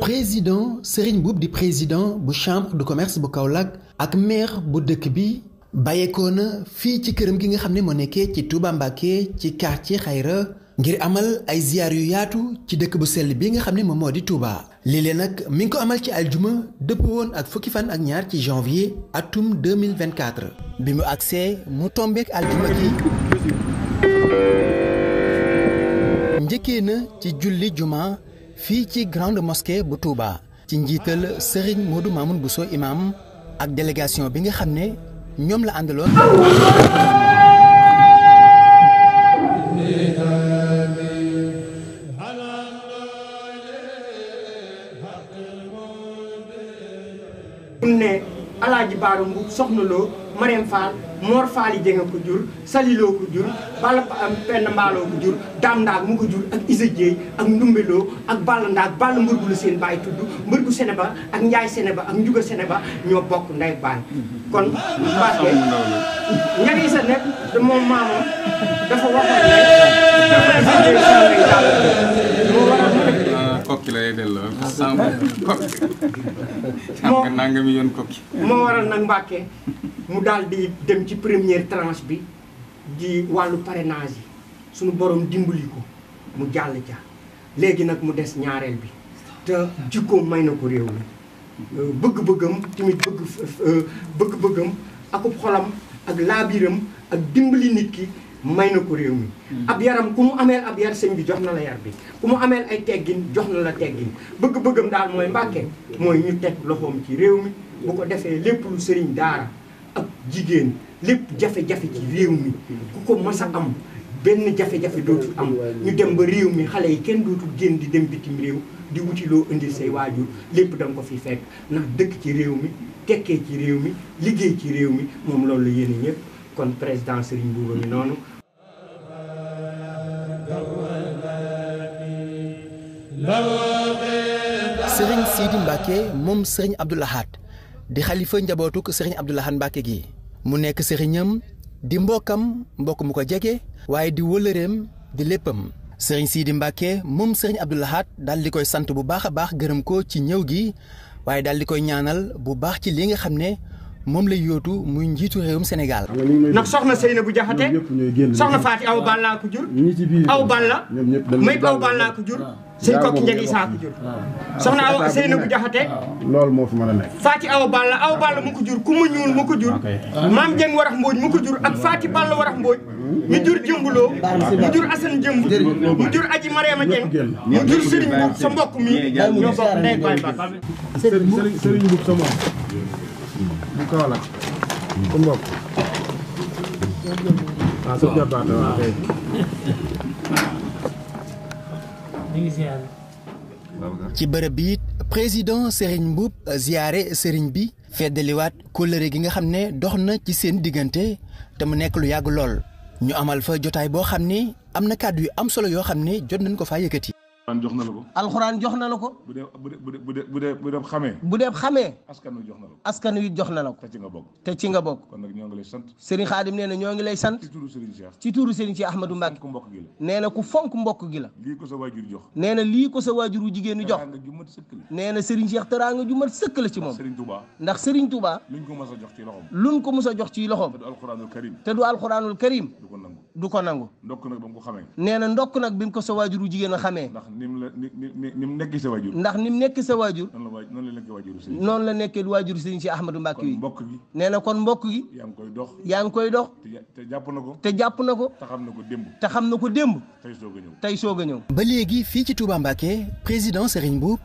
président Serigne Boub di président bu chambre de commerce bu Kaolack ak maire bu dëkk bi bàyyeekoo na ci kërëm gi nga xamné ne nekké ci Touba Mbacké ci quartier Xayra ngir amal ay ziyaar yu yaatu ci dëkk bu sell bi nga xamné mo modi Touba lilé nak mi ngi ko amal ci aljuma depp won ak fukki fan ak ñaar ci janvier atum 2024 bi mu agsee mu tombeek aljuma gi njëkkee na ci julli juma fii ci grande mosquée bu Touba ci njiital Serigne Modou Mamoun Bousso imam ak délégation bi nga xam ne ñoom la àndaloon. mu ne El Hadj Baara soxna loo Marème Fall Mor Fall yi Jeng ko jur Saliloo ko jur Balla Penn Mbaaloo ko jur Dam Ndaag mu ko jur ak Isa Jéey ak Ndumbeloo ak Balla Ndaag Balla mbërgu la seen bàyyi tudd mbërgu Seneba ak Njaay Seneba ak Njuga Seneba ñoo bokk ndey baay kon Mbàkke ñagi sa nekk moom maamam dafa waxoon ah, moo waral nag Mbàkke mu daal di dem ci première tranche bi di wàllu parrainage yi suñu borom dimbali ko mu jàll ja léegi nag mu des ñaareel bi te jikkoom may na ko réew mi bëgg-bëggam tamit bëgg euh, bëgg-bëggam akub xolam ak laabiram ak dimbali nit ki may na ko réew mi hmm. ab yaram ku mu ameel ab yar sëñ bi jox na la yar bi ku mu amee ay teggin jox na la teggin bëgg-bëggam daal mooy mbàkke mooy ñu teg loxoom ci réew mi bu ko defee lépp lu sëriñ daara ab jigéen lépp jafe-jafe ci réew mi ku ko mas am benn jafe-jafe dootul am ñu dem ba réew mi xale yi kenn dootul génn di dem bitim réew di wuti loo indil say waajur lépp da ko fi fekk ndax dëkk ci réew mi tekkee ci réew mi liggéey ci réew mi moom loolu la yéene ñëpp kon président Serigne Mbouba mi noonu Serigne Sidi Mbacké moom Serigne Abdou Lahad di xalifa njabootuk sëriñ Abdou Lahad Mbacke gi mu nekk sëriñam di mbokkam mbokk mu ko jege waaye di wëllëreem di léppam sëriñ Sidi Mbacke moom sëriñ Abdou Lahad daal di koy sant bu baax a baax gërëm ko ci ñëw gi waaye daal di koy ñaanal bu baax ci li nga xam ne moom la yootu muy njiitu réewum Sénégal. ndax soxna Seynabou Diakhaté soxna Faati aw Balla ko jur. aw Balla may ah. aw Balla ko jur. sëñ Kokki Njagi Isaa ko jur. soxna aw Seynabou Diakhaté. Ah. loolu moo fi mën a nekk. Faati aw Balla aw Balla mu ko jur ku ma ñuul mu ko jur. Ah, maam Jeng Warax Mbooj mu ko jur ak Faati Balla Warax Mbooj. mu jur jëmbuloo mu jur Assane jëmb mu jur aji a Jeng mu jur Serigne Mbuub sa mbokk mi ñoo bokk ndey baay ba. Serigne Serigne sa mbokk. bu Kaolack. ci bërëb bi it président sëriñ Mboup ziyaare sëriñ bi feddaliwaat kóllëre gi nga xam ne dox na ci seen diggante te mu nekk lu yàgg lool ñu amal fa jotaay boo xam ne am na kàddu yu am solo yoo xam ne jot nañ ko faa yëkkati القران جوخنا لكو بودي بودي بودي بودي بخامي بودي اسكنو جوخنا لكو تيغا بوك تيغا خادم نينا نيوغي لاي سانت تي تورو سيرين شيخ احمد مباك نينا كو فونك مبوك جيلا ليكو سا واجور جوخ نينا ليكو سا واجورو جيغي نو جوخ نينا سيرين شيخ ترانغ جو مات سكل سي موم سيرين توبا نдах سيرين توبا لونكو مسا جوخ تي لخوم لونكو مسا جوخ تي لخوم القران الكريم تدو القران الكريم دوكو نانغو du ko nangu. ndokk nag ba ko xamee. nee na ndokk nag bi mu ko sa waajuru jigéen a xamee. ndax nim la nim ni mu nekk sa waajur. ndax ni mu nekk sa waajur. noonu la waaj la nekk waajuru sëñ. noonu la nekkee waajuru sëñ si Ahmadou Mbacke yi mbokk gi. nee na kon mbokk gi. yaa ngi koy dox. yaa ngi koy dox. te jàpp na ko. te jàpp na ko. te xam na ko démb. te xam na ko démb. tey soog a ñëw tey soog a ñëw. ba léegi fii ci Touba Mbacke président Serigne Mboup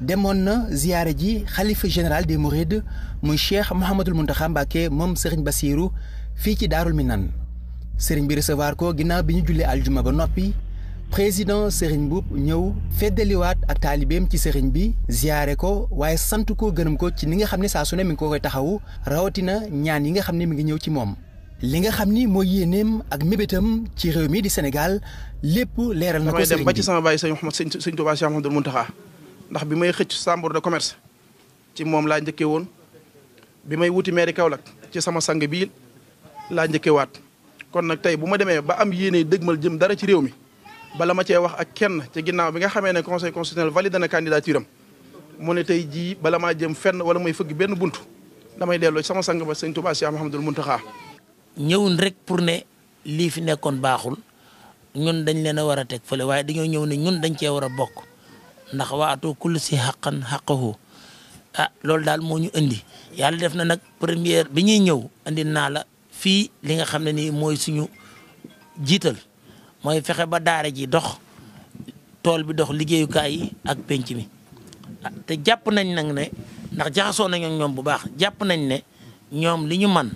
demoon na ziyaare ji xalifa général des Mourides muy Cheikh Mouhamadul Mountakha Mbacke moom Serigne Bassirou fii ci Daarul Minan sëriñ bi recevoir ko ginnaaw bi ñu jullee aljuma ba noppi président sëriñ Mboup ñëw feddaliwaat ak taalibeem ci sëriñ bi ziyaare ko waaye sant ko gërëm ko ci ni nga xam ne saa su ne mi ngi ko koy taxawu rawatina ñaan yi nga xam ne mi ngi ñëw ci moom. li nga xam ni mooy yéeneem ak mébétam ci réew mii di Sénégal lépp leeral na ko sëriñ bi ci sama baay sëñ Mouhamed sëñ Touba Cheikh Mouhamadou Mountakha ndax bi may xëcc chambre de commerce ci moom laa njëkkee woon bi may wuti mairie Kaolack ci sama sang bii laa njëkkewaat kon nag tey bu ma demee ba am yéene dëgmal jëm dara ci réew mi bala ma cee wax ak kenn ci ginnaaw bi nga xamee ne conseil constitutionnel valide na candidature am mu ne tey jii bala maa jëm fenn wala mooy fëgg benn buntu damay delloo ci sama sang ba sëñ Touba Cheikh Mouhamadoul Mountakha. ñëwun rek pour ne lii fi nekkoon baaxul ñun dañ leen a war a teg fale waaye dañoo ñëw ne ñun dañ cee war a bokk ndax waatoo kull si xaqan xaqahu ah loolu daal moo ñu indi yàlla def na nag première bi ñuy ñëw fii li nga xam ne nii mooy suñu jiital mooy fexe ba daara ji dox tool bi dox liggéeyukaay yi ak penc mi ah, te jàpp nañ nag ne ndax jaxasoo nañ ñoom bu baax jàpp nañ ne ñoom li ñu man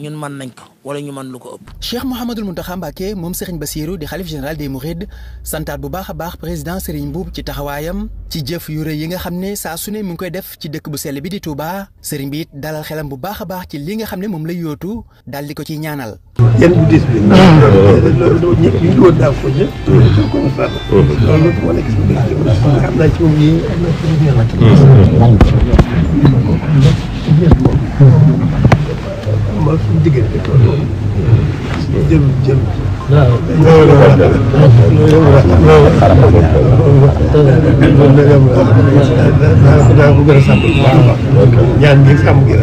ñun man nañ ko wala ñu man lu ko ëpp cheikh mohamadul muntaha mbake mom serigne basirou di xalif general des mourid santat bu baax baax president serigne boub ci taxawayam ci jëf yu reey yi nga xamne sa suné mu ngi koy def ci dëkk bu sel bi di touba serigne bi dalal xelam bu baax baax ci li nga xamne mom lay yotu dal di ko ci ñaanal yeen bu dis bi ñëpp ñu woon daaw ko ñëpp ko mu fa loolu mo nekk ci biir am na ci moom yi am na ci biir nak xamal suñu diggante loolu ñaan gi sàmm gi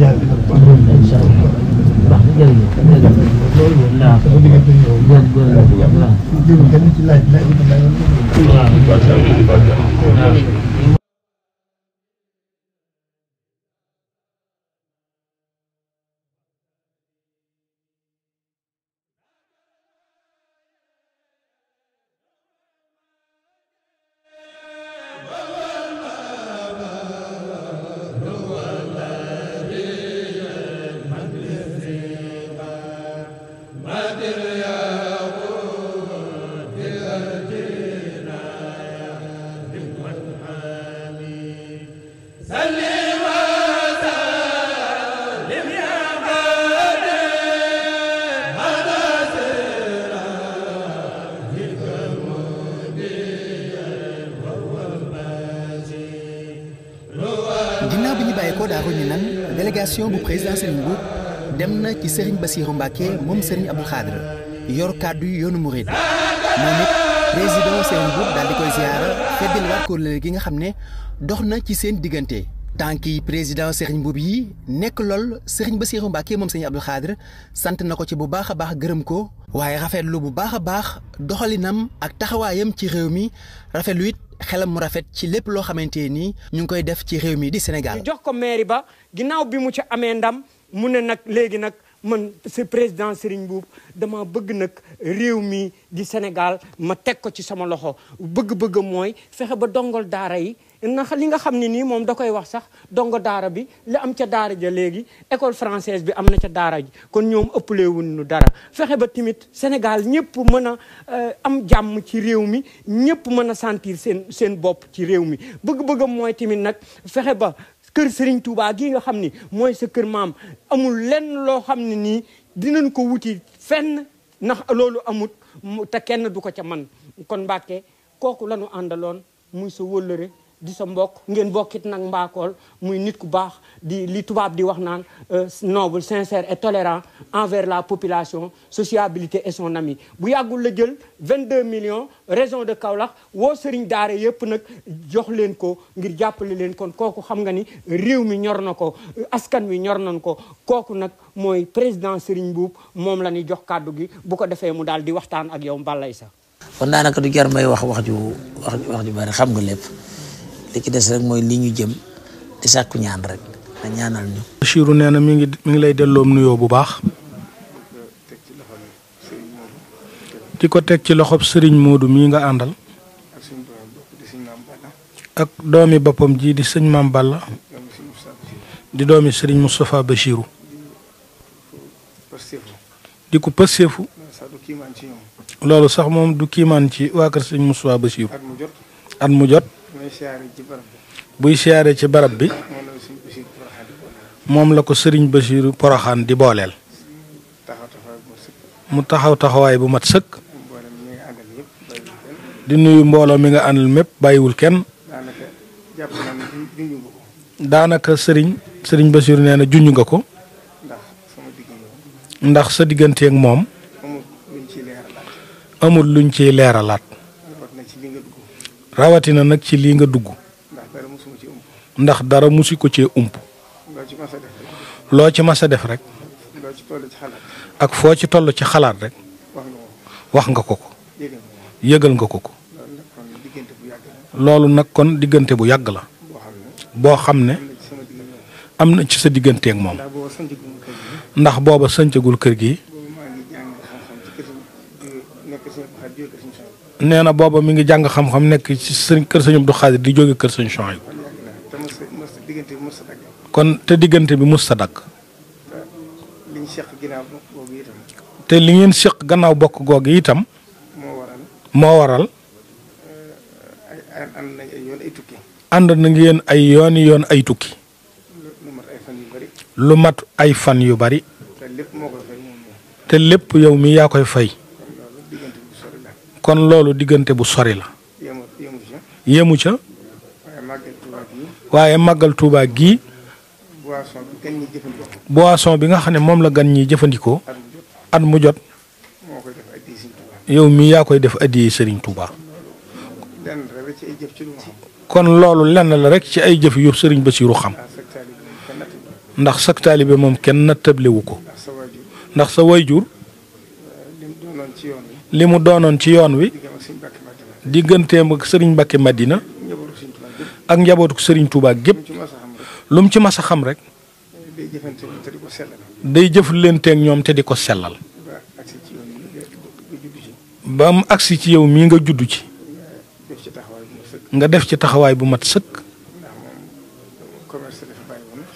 daal waaw sama diggante yow. góor góor la waaw. jërëjëf kenn ci laaj laaj bi délégation bu président Serigne Mboup demna ci Serigne Bassirou Mbacké mom Serigne Abdou Khadre yor kàddu yoonu Mouride moom président Serigne Mboup daal di koy wat ko kóllëre gi nga xamné doxna ci seen diganté tanki président Serigne Mboup yi nekk lool Serigne Bassirou Mbacké mom Serigne Abdou Khadre sant nako ci bu baax baax gërëm ko waaye lu bu baax baax doxalinam ak taxawayam ci réew mi rafetlu lu xelam mu rafet ci lépp loo xamante nii ñu ngi koy def ci réew mi di Sénégal. jox ko mairie ba ginnaaw bi mu ci amee ndam mu ne nag léegi nag man si président Serigne Mboup dama bëgg nag réew mi di Sénégal ma teg ko ci sama loxo bëgg-bëgg mooy fexe ba dongol daara yi. ndax li nga xam ne nii moom da koy wax sax dongo daara bi li am ca daara ja léegi école française bi am na ca daara ji kon ñoom ëppaleewuñ nu dara fexe ba tamit Sénégal ñëpp mën a euh, am jàmm ci réew mi ñëpp mën a sentir seen seen bopp ci réew mi bëgg-bëggam mooy tamit nag fexe ba kër Serigne Touba gii nga xam ni mooy sa kër maam amul lenn loo xam ne nii dinañ ko wuti fenn ndax loolu amut te kenn du ko ca man kon Mbàkke kooku la ñu àndaloon muy sa wëllëre di sa mbokk ngeen bokkit nag mbaakool muy nit ku baax di li tubaab di wax naan euh, noble sincère et tolérant envers la population sociabilité et son ami bu yàggul la jël 22 millions région de Kaolack woo sëriñ daare yëpp nag jox leen ko ngir jàppale leen kon kooku xam nga ni réew mi ñor na ko askan wi ñor nañ ko kooku nag mooy président Serigne Mboup moom la ñuy jox kàddu gi bu ko defee mu daal di waxtaan ak yow mbalay sax kon daanaka du jar may wax wax wax ju bari xam nga lépp li ci dess rek moy li ñu jëm di sakku ñaan rek na ñaanal ñu Bachirou neena mi ngi mi ngi lay delo nuyo bu baax di ko tek ci loxop serigne modou mi nga andal ak doomi bopam ji di serigne mam Balla di doomi serigne mustapha Bachirou di ko passefu lolu sax mom du kiman ci waa kër sëñ at mu jot buy siyaare ci barab bi moom la ko sëriñ Basiiru Poroxaan di booleel mu taxaw taxawaay bu mat sëkk di nuyu mbooloo mi nga àndal mépp bàyyiwul kenn daanaka sëriñ sëriñ Basiiru nee na junj nga ko ndax sa digganteeg moom amul luñ ciy leeralaat rawatina nag ci lii nga dugg ndax dara musi ko cee ump loo ci mas a def rek ak foo ci toll ci xalaat rek wax nga ko ko yëgal nga ko ko loolu nag kon diggante bu yàgg la boo xam ne am na ci sa digganteeg moom ndax booba sëncagul kër gi nee na booba mi ngi jàng xam-xam nekk ci sëñ kër sëñ du Khadir di jóge kër sëñ Chouaïb kon te diggante bi mus sa dagg te li ngeen séq gannaaw bokk googu itam moo waral ànd na ngeen ay yooni yoon ay tukki lu mat ay fan yu bari te lépp yow mi yaa koy fay kon loolu diggante bu sori la. yéemu ca. waaye màggal Touba gi boisson bi nga xam ne moom la gan ñi jëfandikoo. at mu jot. yow mii yaa koy def addiya sëriñ Touba. kon loolu lenn la rek ci ay jëf yu ba Bassirou xam. ndax sak taalibe moom kenn nattable wu ko. ndax sa wayjur. ci yoon li mu doonoon ci yoon wi digganteem ak sëriñ Mbacke Madina ak njabootu sëriñ Touba gépp lu mu ci mas a xam rek day jëf leen teeg ñoom te di ko sellal ba mu agsi ci yow mii nga juddu ci nga def ci taxawaay bu mat sëkk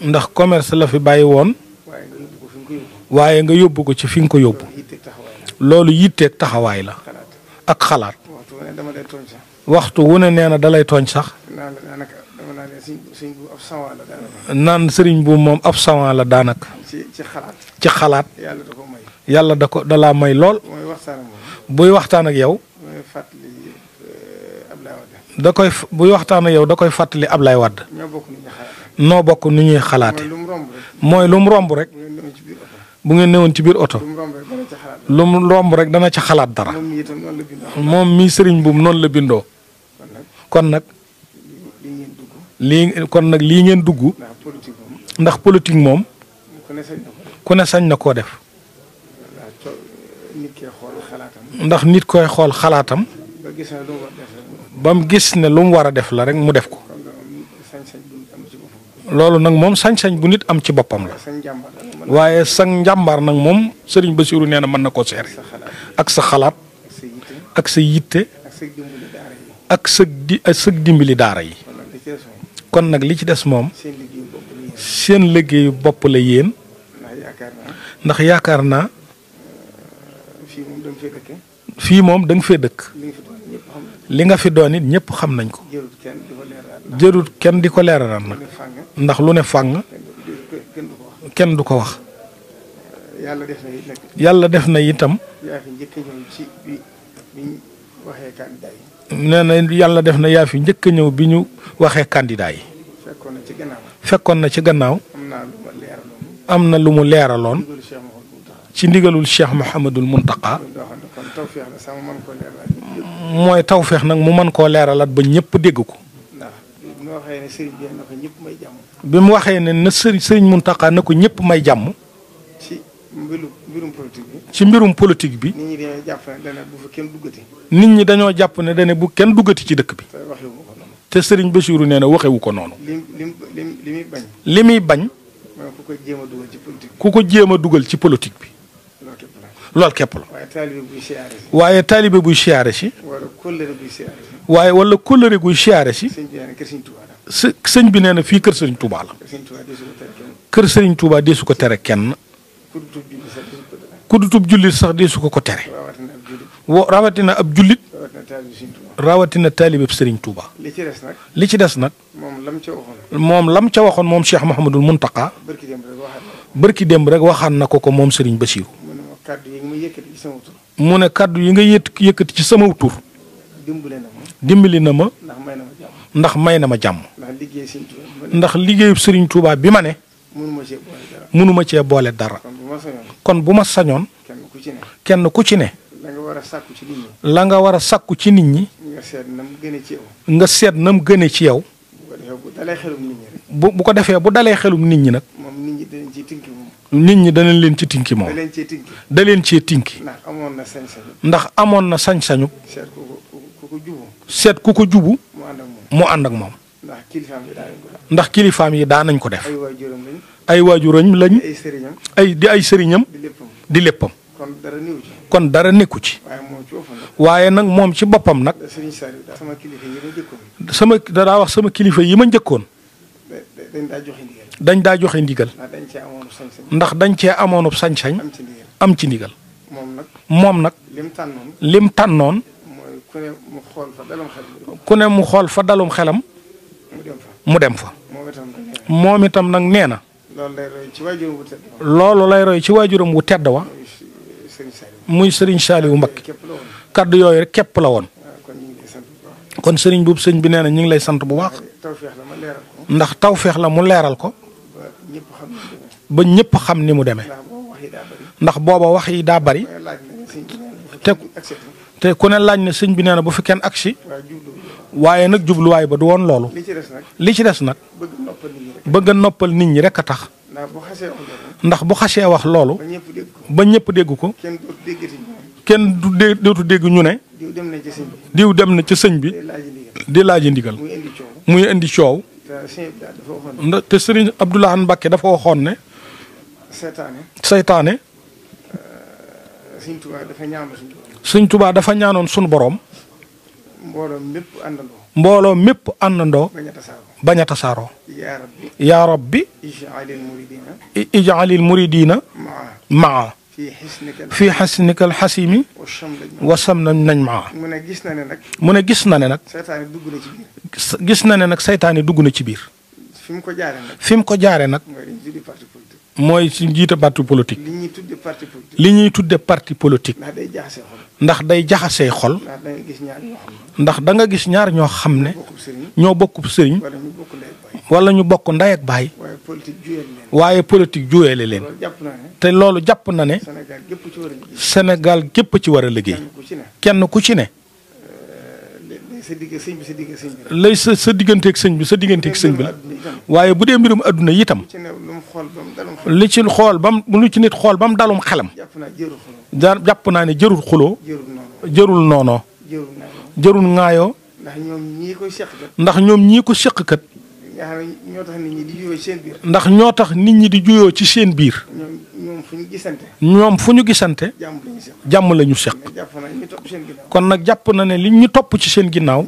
ndax commerce la fi bàyyi woon waaye nga yóbbu ko ci fi nga ko yóbbu loolu yitteeg taxawaay la. ak xalaat. waxtu wu ne nee na da lay tooñ sax. naan sëriñ bu moom ab sawan la daanaka. ci xalaat. yàlla da ko may. yàlla da ko da laa may lool. buy waxtaan ak yow. da koy buy waxtaan ak yow da koy fàttali Ablaye Wade. noo bokk nu ñuy xalaate mooy lu romb rek. bu ngeen newoon ci biir oto lu mu romb rek dana ca xalaat dara moom mii sëriñ buum noonu la bindoo kon nag lii nag lii ngeen dugg ndax politique moom ku ne sañ na koo def ndax nit koy xool xalaatam ba mu gis ne lu mu war a def la rek mu def ko loolu nak mom sañ-sañ bu nit am ci bopam la waye sag jambar nak moom serigne bassirou neena na nako na ak sa xalat ak sa yitte ak sa di ak sa dimbali daara yi kon nag li ci dess moom seen liggéeyu bop la yeen ndax yaakaar fi fii moom da nga dëkk li nga fi doon nit ñepp xam nañ ko jërut kenn di ko leeralal nag ndax lu ne fànn kenn du ko wax yàlla def na itam nee na yàlla def na yaa njëkk a ñëw bi ñu waxee candidat yi fekkoon na ci gannaaw am na lu mu leeraloon ci ndigalul cheikh Mouhamadul Muntaqa mooy tawféex nag mu mën koo leeralaat ba ñëpp dégg ko. waxee ne sëriñ bi na mu waxee ne na sëriñ sëriñ Mountakha na ko ñëpp may jàmm. ci mbirum mbirum politique bi. politique bi. nit ñi dañoo jàpp ne dana bu fa kenn duggati. nit ñi dañoo jàpp ne dana bu kenn duggati ci dëkk bi. te sëriñ Bassirou nee na waxewu ko noonu. li li li muy bañ. li muy bañ. ku ko jéem a dugal ci politique ko jéem a dugal ci politique bi. لول كابل واي طالب بو شي عرشي ولا كل ربي شي عرشي سنج بي نانا في كير سيرن توبا لا كير سيرن توبا دي سوكو تري كين كود توب جولي سخ دي سوكو كو تري راواتينا اب جوليت راواتينا طالب سيرن توبا لي تي ديس نك موم لام تي واخون موم لام تي واخون موم شيخ محمد المنتقى بركي ديم رك واخان نكو كو موم سيرن بشير kaddu yi nga yëkkati ci sama tur. mu ne kaddu yi nga yëkkati ci sama tur. dimbali na dimbali na ma. ndax may na ndax may na ma jàmm. ndax liggéey sëriñ Tuubaa bi ma ne. mënuma cee mënuma cee boole dara. kon bu ma sañoon. kenn ku ci ne. kenn ku ci ne. la nga war a sàkku ci nit ñi. nga war a sàkku ci nit ñi. seet na mu ci yow. nga seet na mu gënee ci yow. bu ko defee bu dalee xelum nit ñi nag. nit ñi danañ leen ci tinki moom. da leen cee tinki da leen cee ndax amoon na sañ-sañu. ndax amoon na sañ-sañu. seet ku ko jubu. seet ku ko jubu. mu ànd ak moom mu ndax kilifaam yi daan nañ ko def. ndax kilifaam ay waajuram lañ. ay lañ. ay sëriñam. ay di ay sëriñam. di léppam di léppam. kon dara néew ci. kon nekku ci. waaye nag moom ci boppam nag. sama kilifa yi ma wax sama kilifa yi ma njëkkoon. dañ dañ da joxe ndigal ndax dañ ci amono sañ-sañ am ci ndigal mom nak lim tànnoon ku ne mu xol fa dalum xelam mu dem fa momitam nak neena nee lay roy ci wajurum wu tedd wa muy serigne Saaliwu mbak kaddu yoy rek kep la won ah, kon serigne bub serigne bi neena ñing lay sant bu baax ndax la mu leeral ko ba ñëpp xam ni mu demee ndax booba wax yi daa bari te te ku ne laaj na sëñ bi nee na bu fi kenn agsi waaye nag jubluwaay ba du woon loolu li ci des nag bëgg noppal nit ñi rek a tax ndax bu xasee wax loolu ba ñëpp dégg ko kenn du dé dootu dégg ñu ne diw dem na ci sëñ bi di i ndigal muy indi coow te Serigne Abdou Lahad Mbacké dafa waxoon ne. seytaane seytaane. Eh, Serigne Touba dafa ñaanoon suñu borom. dafa ñaanoon suñu borom. mbooloo mépp àndandoo. mbooloo mépp àndandoo. bañ a tasaaroo bañ a yaa rabbi yaa rabbi. muridina. maa. fii xasnikal xasimi wasam nañ nañ maa mu ne gis na ne nag mu ne gis na ne nag seytaane dugg na ci biir gis na ne nag seytaane dugg na ci biir fi mu ko jaare nag fi mu ko jaare nag mooy si jiite parti politique li ñuy tudde parti politique li ñuy tudde parti politique ndax day jaxasee xol ndax day jaxasee xol ndax da nga gis ñaar ñoo xam ne ñoo bokkub sëriñ wala ñu bokk ndey ak baay waaye politique juyeele leen. te loolu jàpp na ne. Sénégal gépp ci war a liggéey. kenn ku ci ne. lay sa sa digganteeg sëñ bi sa digganteeg sëñ bi la. waaye bu dee mbirum adduna yitam li ci xool bam lu ci nit xool mu dalum xelam. jàpp naa ne jërul xuloo. jërul noonoo. jërul ŋaayoo. ndax ñoom ñii ko seq kat. ñoo tax nit ñi di juyoo ndax ñoo tax nit ñi di juyoo ci seen biir. ñoom ñoom fu ñu gisante. ñoom fu jàmm la ñu seq kon nag jàpp na ne li ñu topp ci seen ginnaaw.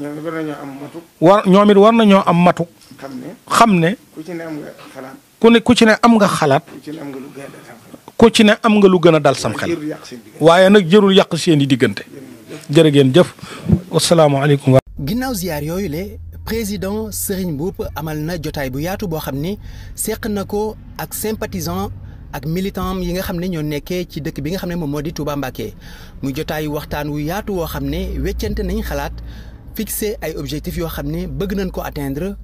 war ñoom war nañoo am matu. xam ne xam ne. ku ci ne am nga xalaat. ku ci ne am nga am nga lu gën a dal sam xel waaye nag jërul yàq seen i diggante jërë ngeen jëf wasalaamaaleykum. ginnaaw ziyaar yooyu le président Serigne Mboup amal na jotaay bu yaatu bo xam ni seq na ko ak sympathisant ak militant yi nga xam ñoo nekké ci dëkk bi nga xam mom modi Touba Mbaké muy jotay waxtaan wu yaatu woo xam ne nañ xalaat fixer ay objectifs yo xam bëgg nañ ko atteindre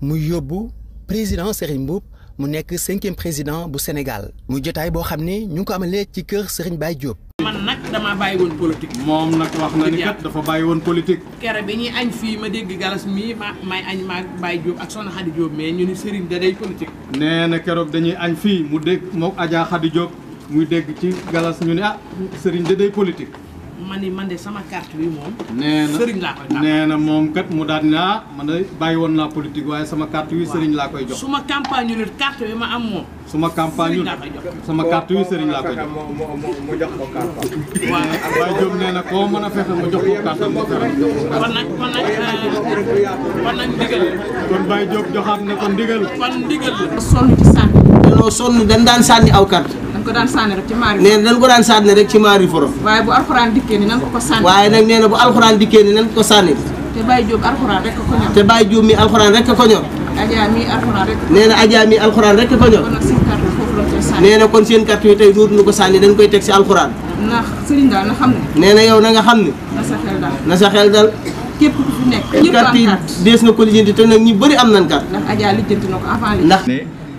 mu yobbu président Serigne Mboup mu nekk 5e président bu Sénégal muy jotay bo xam ñu ko amalé ci kër Serigne Baye Diop. damaa bàyyi woon politique. moom nag wax na ni kat dafa bàyyi woon politique. kere bi ñuy añ fii ma dégg galas mii ma may añ ma Baye Diop ak soxna Khady Diop mais ñu ni Serigne da day politique. na keroog dañuy añ fii mu dégg moom Adja Khady Diop muy dégg ci galas ñu ne ah Serigne da day politique. ma ni man de sama carte bi moom. nee na sëriñ moom kat mu daan di ah man de bàyyi woon naa politique waaye sama carte wi sëriñ laa koy jox. su ma campagne lul carte ma am moom. suma ma campagne lul sama carte wi sëriñ laa koy jox. mu jox ko carte am. waaw waaye Diop nee na koo mën a fexe mu jox ko carte am. kon nag kon nag euh, kon nag kon ndigal. kon ndigal sonn ci sànni. dañoo daan sànni aw carte. ko daan sànni rek ci maari ko daan sànni rek ci maari foro waaye bu alxuraan dikkee ni nan ko sànni na ko sànni te Baye Diop alxuraan rek ko ñor te Baye alxuraan rek ko nee na Adja mi rek ko ñor nee na kon seen carte yi tey duutu ñu ko sànni dañ koy teg si alxuraan ndax sëriñ daal na xam ne na yow na nga xam ne na sa xel dal na képp ku fi nekk yi dees nga ko lijjanti te nag ñu bari am nan carte ndax Adja lijjanti na ko avant ndax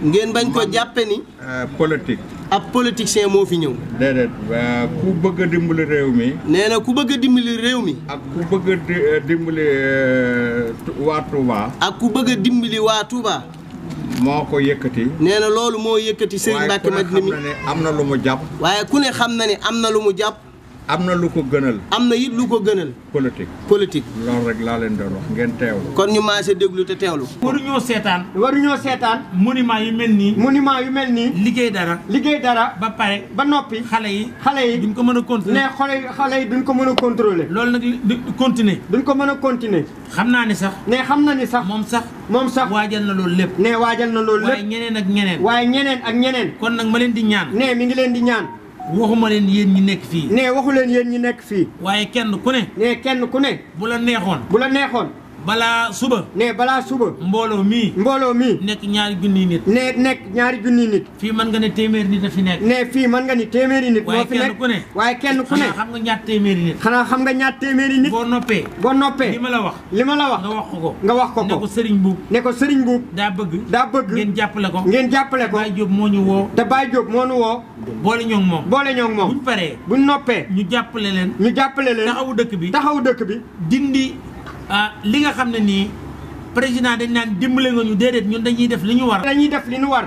ngeen bañ ko jàppe ni euh, politique ab politicien moo fi ñëw. déedéet ku bëgg a réew mi. nee na ku bëgg a réew mi. ak ku bëgg a eh, eh, waa Touba. ak ku bëgg a dimbali waa Touba. moo ko yëkkati. nee na loolu moo yëkkati Serigne Mbacké Madina mi na am na lu mu jàpp. waaye ku ne xam na ne am na lu mu jàpp. am na lu ko gënal. am na it lu ko gënal. politique politique. loolu rek laa leen doon wax ngeen teewlu. kon ñu maase déglu te teewlu. waruñoo seetaan. waruñoo seetaan. monument yu mel nii. monument yu mel nii. liggéey dara. liggéey dara. ba pare ba noppi. xale yi xale yi duñ ko mën a contrôler. mais xale yi xale yi duñ ko mën a contrôler. loolu nag du continuer. duñ ko mën a continuer. xam naa ni sax. mais xam na ni sax. moom sax. moom sax waajal na loolu lépp. mais waajal na loolu lépp. waaye ñeneen ak ñeneen. waaye ñeneen ak ñeneen. kon nag ma leen di ñaan. mais mi ngi leen di ñaan. waxuma leen yéen ñi nekk fii. ne waxu leen yéen ñi nekk fii. waaye kenn ku ne. ne kenn ku ne. bu la neexoon. bu la neexoon. balaa suba. ne balaa suba. mbooloo mii. mbooloo mii. nekk ñaari junniy nit. ne nekk ñaari junniy nit. fii mën nga ne téeméeri nit a fi nekk. ne fii mën nga ne téeméeri nit. moo fi nekk waaye kenn ku ne. xanaa xam nga ñaar xanaa xam nga ñaar téeméeri nit. boo noppee. boo noppee li ma la wax. li ma la wax nga wax ko ko. nga wax ko ko ne ko sëriñ buub. ne ko sëriñ buub. daa bëgg. daa bëgg ngeen jàppale ko. ngeen jàppale ko. te Baye Diop moo ñu woo. moo ñu boole ñoo ngi boole ñoo moom buñ paree buñ noppee ñu jàppale leen ñu jàppale leen taxawu dëkk bi taxawu dëkk bi dindi Ah, li nga xam ne nii président dañ naan dimbalee nga ñu déedéet ñun dañuy def li ñu war. dañuy def li ñu war.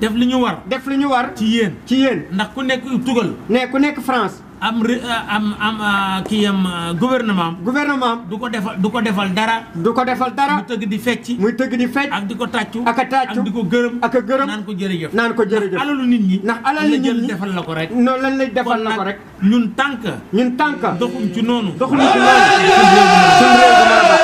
def li ñu war. def li ñu war. ci yéen ci yéen. ndax ku nekk tugal. ne ku nekk France. Eh, am am am eh, kii am eh, gouvernement gouvernement am. du ko defal du ko defal dara. du ko defal dara. muy tëgg di fecci. muy tëgg di fecc. ak di ko tàccu. ak a tàccu di ko gërëm. ak a gërëm naan ko jërëjëf. naan ko jërëjëf alalu nit ñi. ndax alalu nit ñi defal la ko rek. noonu lañ lay defal la ko rek. ñun tànk. ñun tànk. doxum ci noonu. doxum ci noonu.